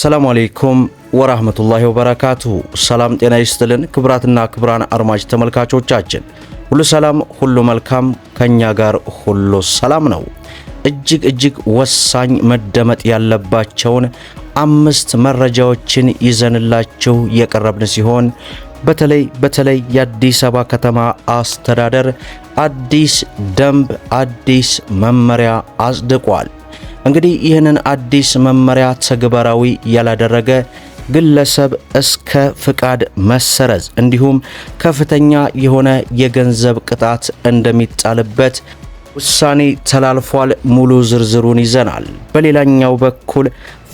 ሰላም አሌይኩም ወራህመቱላሂ ወበረካቱሁ። ሰላም ጤና ይስጥልን ክብራትና ክብራን አድማጭ ተመልካቾቻችን ሁሉ ሰላም ሁሉ መልካም፣ ከኛ ጋር ሁሉ ሰላም ነው። እጅግ እጅግ ወሳኝ መደመጥ ያለባቸውን አምስት መረጃዎችን ይዘንላችሁ የቀረብን ሲሆን በተለይ በተለይ የአዲስ አበባ ከተማ አስተዳደር አዲስ ደንብ አዲስ መመሪያ አጽድቋል። እንግዲህ ይህንን አዲስ መመሪያ ተግባራዊ ያላደረገ ግለሰብ እስከ ፍቃድ መሰረዝ እንዲሁም ከፍተኛ የሆነ የገንዘብ ቅጣት እንደሚጣልበት ውሳኔ ተላልፏል። ሙሉ ዝርዝሩን ይዘናል። በሌላኛው በኩል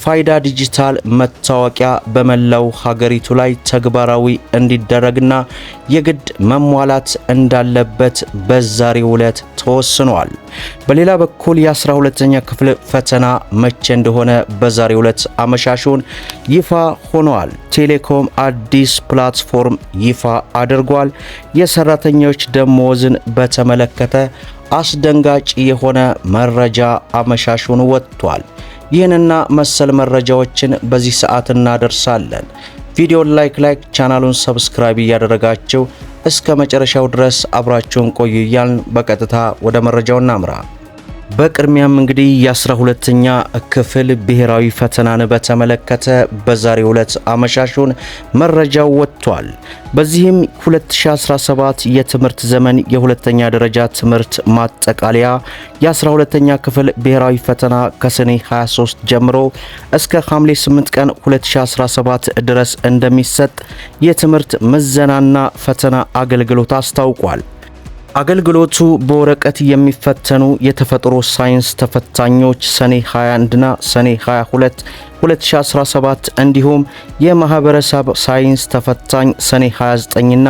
የፋይዳ ዲጂታል መታወቂያ በመላው ሀገሪቱ ላይ ተግባራዊ እንዲደረግና የግድ መሟላት እንዳለበት በዛሬው ዕለት ተወስኗል። በሌላ በኩል የ12ኛ ክፍል ፈተና መቼ እንደሆነ በዛሬው ዕለት አመሻሹን ይፋ ሆኗል። ቴሌኮም አዲስ ፕላትፎርም ይፋ አድርጓል። የሰራተኞች ደሞዝን በተመለከተ አስደንጋጭ የሆነ መረጃ አመሻሹን ወጥቷል። ይህንና መሰል መረጃዎችን በዚህ ሰዓት እናደርሳለን። ቪዲዮን ላይክ ላይክ ቻናሉን ሰብስክራይብ እያደረጋችሁ እስከ መጨረሻው ድረስ አብራችሁን ቆዩ እያልን በቀጥታ ወደ መረጃው እናምራ። በቅድሚያም እንግዲህ የአስራ ሁለተኛ ክፍል ብሔራዊ ፈተናን በተመለከተ በዛሬው ዕለት አመሻሹን መረጃው ወጥቷል። በዚህም 2017 የትምህርት ዘመን የሁለተኛ ደረጃ ትምህርት ማጠቃለያ የ12ኛ ክፍል ብሔራዊ ፈተና ከሰኔ 23 ጀምሮ እስከ ሐምሌ 8 ቀን 2017 ድረስ እንደሚሰጥ የትምህርት ምዘናና ፈተና አገልግሎት አስታውቋል። አገልግሎቱ በወረቀት የሚፈተኑ የተፈጥሮ ሳይንስ ተፈታኞች ሰኔ 21ና ሰኔ 22 2017 እንዲሁም የማህበረሰብ ሳይንስ ተፈታኝ ሰኔ 29ና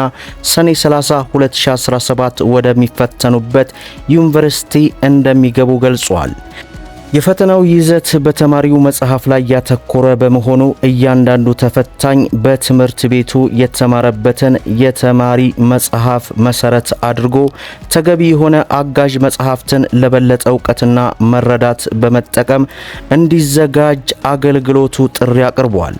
ሰኔ 30 2017 ወደሚፈተኑበት ዩኒቨርሲቲ እንደሚገቡ ገልጿል። የፈተናው ይዘት በተማሪው መጽሐፍ ላይ ያተኮረ በመሆኑ እያንዳንዱ ተፈታኝ በትምህርት ቤቱ የተማረበትን የተማሪ መጽሐፍ መሰረት አድርጎ ተገቢ የሆነ አጋዥ መጽሐፍትን ለበለጠ እውቀትና መረዳት በመጠቀም እንዲዘጋጅ አገልግሎቱ ጥሪ አቅርቧል።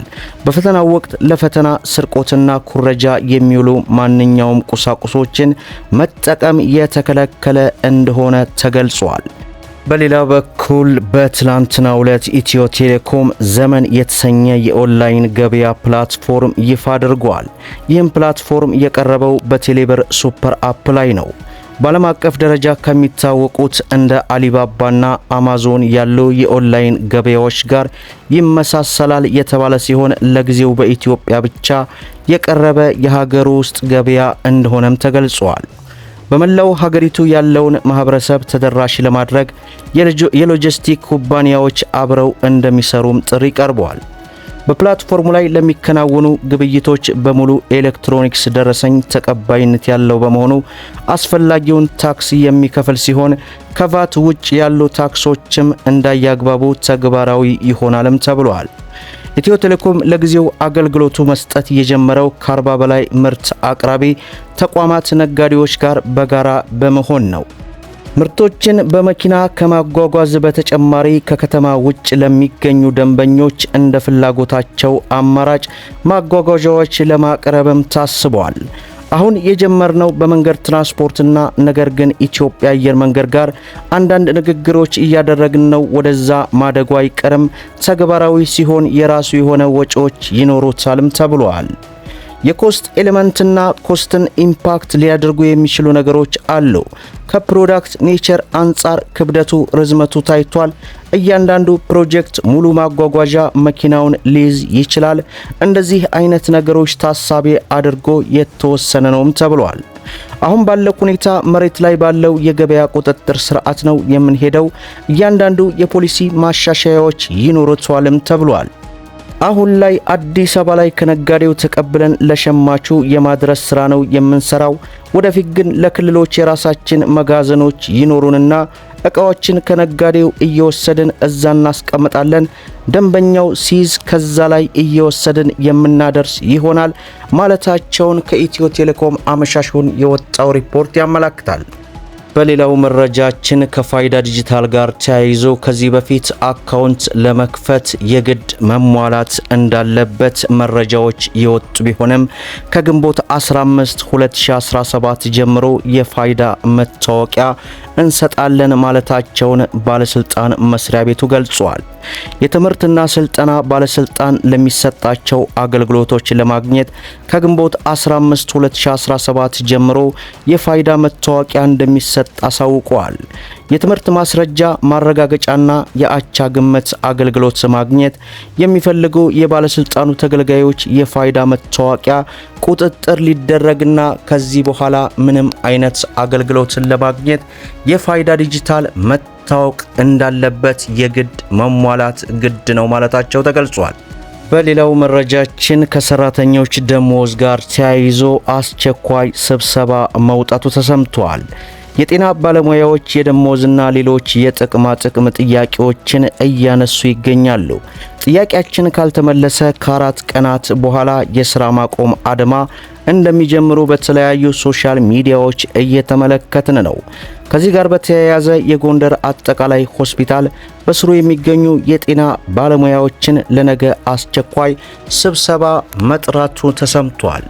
በፈተናው ወቅት ለፈተና ስርቆትና ኩረጃ የሚውሉ ማንኛውም ቁሳቁሶችን መጠቀም የተከለከለ እንደሆነ ተገልጿል። በሌላ በኩል በትላንትና ዕለት ኢትዮ ቴሌኮም ዘመን የተሰኘ የኦንላይን ገበያ ፕላትፎርም ይፋ አድርጓል። ይህም ፕላትፎርም የቀረበው በቴሌብር ሱፐር አፕ ላይ ነው። በዓለም አቀፍ ደረጃ ከሚታወቁት እንደ አሊባባና አማዞን ያሉ የኦንላይን ገበያዎች ጋር ይመሳሰላል የተባለ ሲሆን ለጊዜው በኢትዮጵያ ብቻ የቀረበ የሀገር ውስጥ ገበያ እንደሆነም ተገልጿል። በመላው ሀገሪቱ ያለውን ማህበረሰብ ተደራሽ ለማድረግ የሎጂስቲክ ኩባንያዎች አብረው እንደሚሰሩም ጥሪ ቀርበዋል። በፕላትፎርሙ ላይ ለሚከናወኑ ግብይቶች በሙሉ ኤሌክትሮኒክስ ደረሰኝ ተቀባይነት ያለው በመሆኑ አስፈላጊውን ታክስ የሚከፍል ሲሆን ከቫት ውጭ ያሉ ታክሶችም እንዳያግባቡ ተግባራዊ ይሆናልም ተብሏል። ኢትዮ ቴሌኮም ለጊዜው አገልግሎቱ መስጠት የጀመረው ከአርባ በላይ ምርት አቅራቢ ተቋማት ነጋዴዎች ጋር በጋራ በመሆን ነው። ምርቶችን በመኪና ከማጓጓዝ በተጨማሪ ከከተማ ውጭ ለሚገኙ ደንበኞች እንደ ፍላጎታቸው አማራጭ ማጓጓዣዎች ለማቅረብም ታስበዋል። አሁን የጀመርነው በመንገድ ትራንስፖርትና ነገር ግን ኢትዮጵያ አየር መንገድ ጋር አንዳንድ ንግግሮች እያደረግን ነው። ወደዛ ማደጉ አይቀርም። ተግባራዊ ሲሆን የራሱ የሆነ ወጪዎች ይኖሩታልም ተብሏል። የኮስት ኤሌመንትና ኮስትን ኢምፓክት ሊያደርጉ የሚችሉ ነገሮች አሉ። ከፕሮዳክት ኔቸር አንጻር ክብደቱ፣ ርዝመቱ ታይቷል። እያንዳንዱ ፕሮጀክት ሙሉ ማጓጓዣ መኪናውን ሊይዝ ይችላል። እንደዚህ አይነት ነገሮች ታሳቢ አድርጎ የተወሰነ ነውም ተብሏል። አሁን ባለው ሁኔታ መሬት ላይ ባለው የገበያ ቁጥጥር ስርዓት ነው የምንሄደው። እያንዳንዱ የፖሊሲ ማሻሻያዎች ይኖሩታልም ተብሏል። አሁን ላይ አዲስ አበባ ላይ ከነጋዴው ተቀብለን ለሸማቹ የማድረስ ስራ ነው የምንሰራው። ወደፊት ግን ለክልሎች የራሳችን መጋዘኖች ይኖሩንና እቃዎችን ከነጋዴው እየወሰድን እዛ እናስቀምጣለን። ደንበኛው ሲይዝ ከዛ ላይ እየወሰድን የምናደርስ ይሆናል ማለታቸውን ከኢትዮ ቴሌኮም አመሻሹን የወጣው ሪፖርት ያመላክታል። በሌላው መረጃችን ከፋይዳ ዲጂታል ጋር ተያይዞ ከዚህ በፊት አካውንት ለመክፈት የግድ መሟላት እንዳለበት መረጃዎች የወጡ ቢሆንም ከግንቦት 15 2017 ጀምሮ የፋይዳ መታወቂያ እንሰጣለን ማለታቸውን ባለስልጣን መስሪያ ቤቱ ገልጿል። የትምህርትና ስልጠና ባለስልጣን ለሚሰጣቸው አገልግሎቶች ለማግኘት ከግንቦት 15 2017 ጀምሮ የፋይዳ መታወቂያ እንደሚሰጥ እንደሚሰጥ አሳውቀዋል። የትምህርት ማስረጃ ማረጋገጫና የአቻ ግመት አገልግሎት ማግኘት የሚፈልጉ የባለስልጣኑ ተገልጋዮች የፋይዳ መታወቂያ ቁጥጥር ሊደረግና ከዚህ በኋላ ምንም አይነት አገልግሎትን ለማግኘት የፋይዳ ዲጂታል መታወቅ እንዳለበት የግድ መሟላት ግድ ነው ማለታቸው ተገልጿል። በሌላው መረጃችን ከሰራተኞች ደሞዝ ጋር ተያይዞ አስቸኳይ ስብሰባ መውጣቱ ተሰምቷል። የጤና ባለሙያዎች የደሞዝና ሌሎች የጥቅማ ጥቅም ጥያቄዎችን እያነሱ ይገኛሉ። ጥያቄያችን ካልተመለሰ ከአራት ቀናት በኋላ የሥራ ማቆም አድማ እንደሚጀምሩ በተለያዩ ሶሻል ሚዲያዎች እየተመለከትን ነው። ከዚህ ጋር በተያያዘ የጎንደር አጠቃላይ ሆስፒታል በስሩ የሚገኙ የጤና ባለሙያዎችን ለነገ አስቸኳይ ስብሰባ መጥራቱ ተሰምቷል።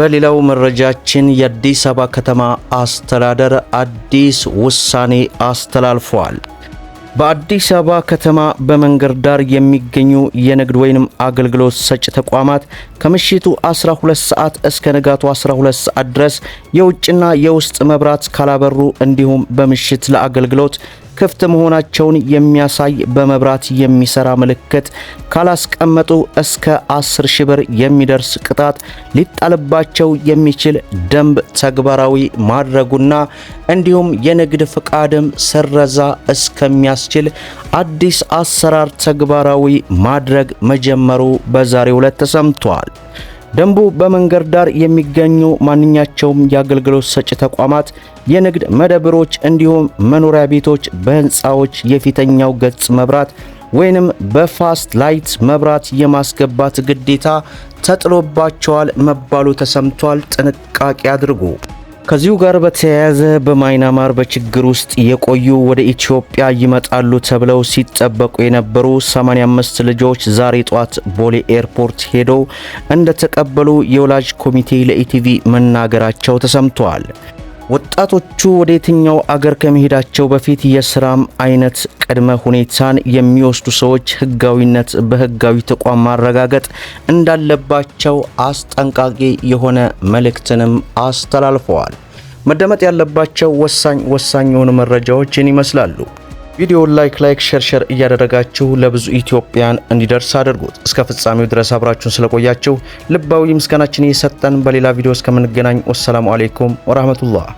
በሌላው መረጃችን የአዲስ አበባ ከተማ አስተዳደር አዲስ ውሳኔ አስተላልፏል። በአዲስ አበባ ከተማ በመንገድ ዳር የሚገኙ የንግድ ወይንም አገልግሎት ሰጪ ተቋማት ከምሽቱ 12 ሰዓት እስከ ንጋቱ 12 ሰዓት ድረስ የውጭና የውስጥ መብራት ካላበሩ እንዲሁም በምሽት ለአገልግሎት ክፍት መሆናቸውን የሚያሳይ በመብራት የሚሰራ ምልክት ካላስቀመጡ እስከ 10 ሺህ ብር የሚደርስ ቅጣት ሊጣልባቸው የሚችል ደንብ ተግባራዊ ማድረጉና እንዲሁም የንግድ ፍቃድም ስረዛ እስከሚያስችል አዲስ አሰራር ተግባራዊ ማድረግ መጀመሩ በዛሬው ዕለት ተሰምቷል። ደንቡ በመንገድ ዳር የሚገኙ ማንኛቸውም የአገልግሎት ሰጪ ተቋማት፣ የንግድ መደብሮች እንዲሁም መኖሪያ ቤቶች በህንፃዎች የፊተኛው ገጽ መብራት ወይንም በፋስት ላይት መብራት የማስገባት ግዴታ ተጥሎባቸዋል መባሉ ተሰምቷል። ጥንቃቄ አድርጉ። ከዚሁ ጋር በተያያዘ በማይናማር በችግር ውስጥ የቆዩ ወደ ኢትዮጵያ ይመጣሉ ተብለው ሲጠበቁ የነበሩ 85 ልጆች ዛሬ ጧት ቦሌ ኤርፖርት ሄደው እንደተቀበሉ የወላጅ ኮሚቴ ለኢቲቪ መናገራቸው ተሰምተዋል። ወጣቶቹ ወደ የትኛው አገር ከመሄዳቸው በፊት የስራም አይነት ቅድመ ሁኔታን የሚወስዱ ሰዎች ህጋዊነት በህጋዊ ተቋም ማረጋገጥ እንዳለባቸው አስጠንቃቂ የሆነ መልእክትንም አስተላልፈዋል። መደመጥ ያለባቸው ወሳኝ ወሳኝ የሆኑ መረጃዎችን ይመስላሉ። ቪዲዮውን ላይክ ላይክ ሼር ሼር እያደረጋችሁ ለብዙ ኢትዮጵያን እንዲደርስ አድርጉት። እስከ ፍጻሜው ድረስ አብራችሁን ስለቆያችሁ ልባዊ ምስጋናችን እየሰጠን በሌላ ቪዲዮ እስከምንገናኝ ወሰላሙ አሌይኩም ወራህመቱላህ